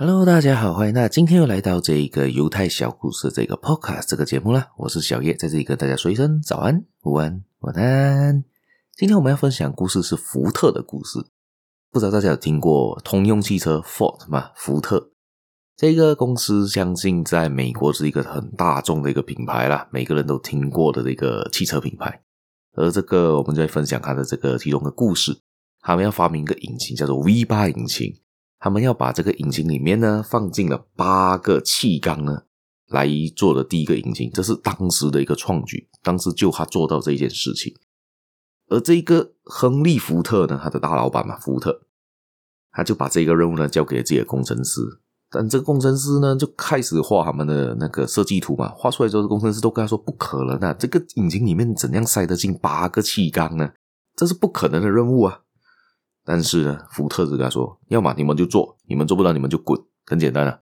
Hello，大家好，歡迎！那今天又來到這個猶太小故事這個 Podcast 這個節目啦。我是小葉，在這裡跟大家說一聲早安、午安、晚安。今天我們要分享故事是福特的故事。不知道大家有聽過通用汽車 Ford 嗎？福特這個公司，相信在美國是一個很大眾的一個品牌啦，每個人都聽過的這個汽車品牌。而這個，我們在分享它的這個其中的故事，他們要發明一個引擎，叫做 V8 引擎。他們要把這個引擎裡面呢放進了八個氣缸呢，來做的第一個引擎，這是當時的一個創舉，當時就他做到這件事情。而這一個亨利·福特呢，他的大老板嘛，福特，他就把這個任務呢交給了自己的工程師，但這個工程師呢就開始畫他們的那個設計圖嘛，畫出來之後，工程師都跟他說不可能啊，這個引擎裡面怎樣塞得進八個氣缸呢？這是不可能的任務啊。但是呢，福特只跟他說，要麼你們就做，你們做不到你們就滾，很簡單啊，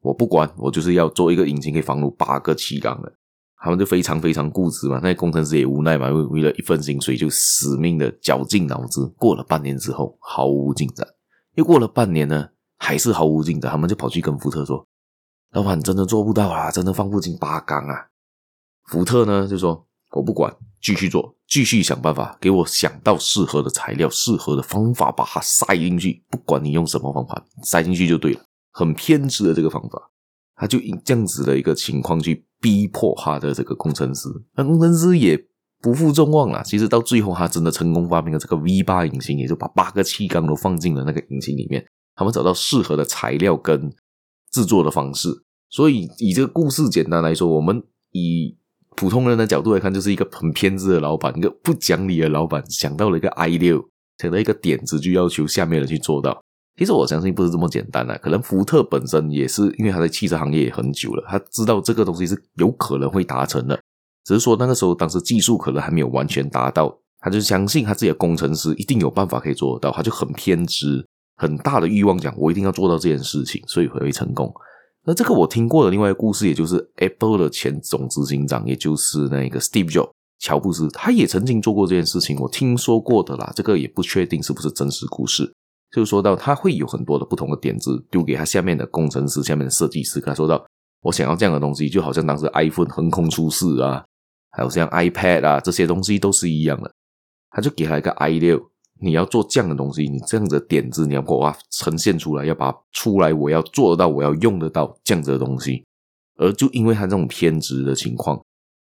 我不管，我就是要做一個引擎可以放入八個氣缸的。他們就非常非常固執嘛，那些工程師也無奈嘛，為為了一份薪水就死命的絞盡腦汁。過了半年之後，毫無進展。又過了半年呢，還是毫無進展。他們就跑去跟福特說：“老闆，你真的做不到啊，真的放不進八缸啊。”福特呢就說。我不管，繼續做，繼續想辦法，給我想到適合的材料、適合的方法，把它塞進去。不管你用什麼方法塞進去就對了。很偏執的這個方法，他就以這樣子的一個情況去逼迫他的這個工程師。那工程師也不負眾望啊，其實到最後他真的成功發明了這個 V8 引擎，也就把八個氣缸都放進了那個引擎裡面。他們找到適合的材料跟製作的方式。所以以這個故事簡單來說，我們以。普通人的角度來看，就是一個很偏執的老板，一個不講理的老板，想到了一個 I 六，想到一個點子，就要求下面的去做到。其實我相信不是這麼簡單的啊，可能福特本身也是因為他在汽車行業也很久了，他知道這個東西是有可能會達成的，只是說那個時候當時技術可能還沒有完全達到，他就相信他自己的工程師一定有辦法可以做得到，他就很偏執，很大的欲望講我一定要做到這件事情，所以會成功。那這個我聽過的另外一個故事，也就是 Apple 的前總執行長，也就是那個 Steve Jobs 喬布斯，他也曾經做過這件事情，我聽說過的啦。這個也不確定是不是真實故事，就是說到他會有很多的不同的點子丟給他下面的工程師、下面的設計師，他說到我想要這樣的東西，就好像當時 iPhone 橫空出世啊，還有像 iPad 啊這些東西都是一樣的，他就給他一個 idea。你要做這樣的東西，你這樣的點子你要給我呈現出來，要把出來我要做得到，我要用得到這樣子的東西。而就因為他這種偏執的情況，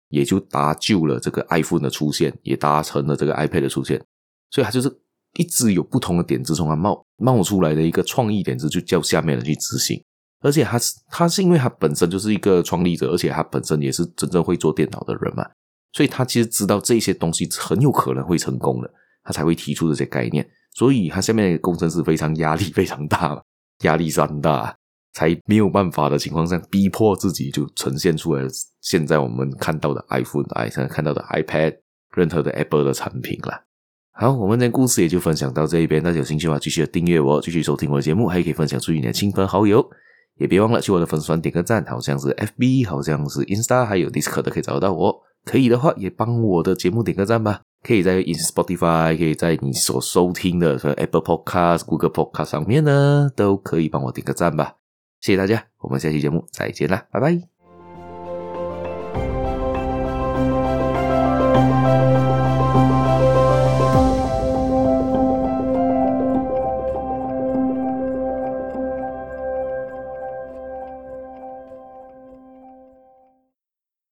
也就造就了這個 iPhone 的出現，也達成了這個 iPad 的出現。所以他就是一直有不同的點子從他冒冒出來的一個創意點子，就叫下面人去執行。而且他他是因為他本身就是一個創立者，而且他本身也是真正會做電腦的人嘛，所以他其實知道這些東西很有可能會成功的。他才會提出這些概念，所以他下面的工程師非常壓力非常大，壓力山大，才沒有辦法的情況下逼迫自己就呈現出來現在我們看到的 iPhone，哎，現在看到的 iPad，任何的 Apple 的產品啦。好，我們的故事也就分享到這一邊。大家有興趣的話，繼續訂閱我，繼續收聽我的節目，還可以分享出去你的親朋好友。也別忘了去我的粉絲團點個讚，好像是 FB，好像是 Insta，還有 Discord 都可以找得到我。可以的話，也幫我的節目點個讚吧。可以在 ins Spotify，可以在你所收聽的 Apple Podcast、Google Podcast 上面呢，都可以幫我點個贊吧。謝謝大家，我們下期節目再見啦，拜拜。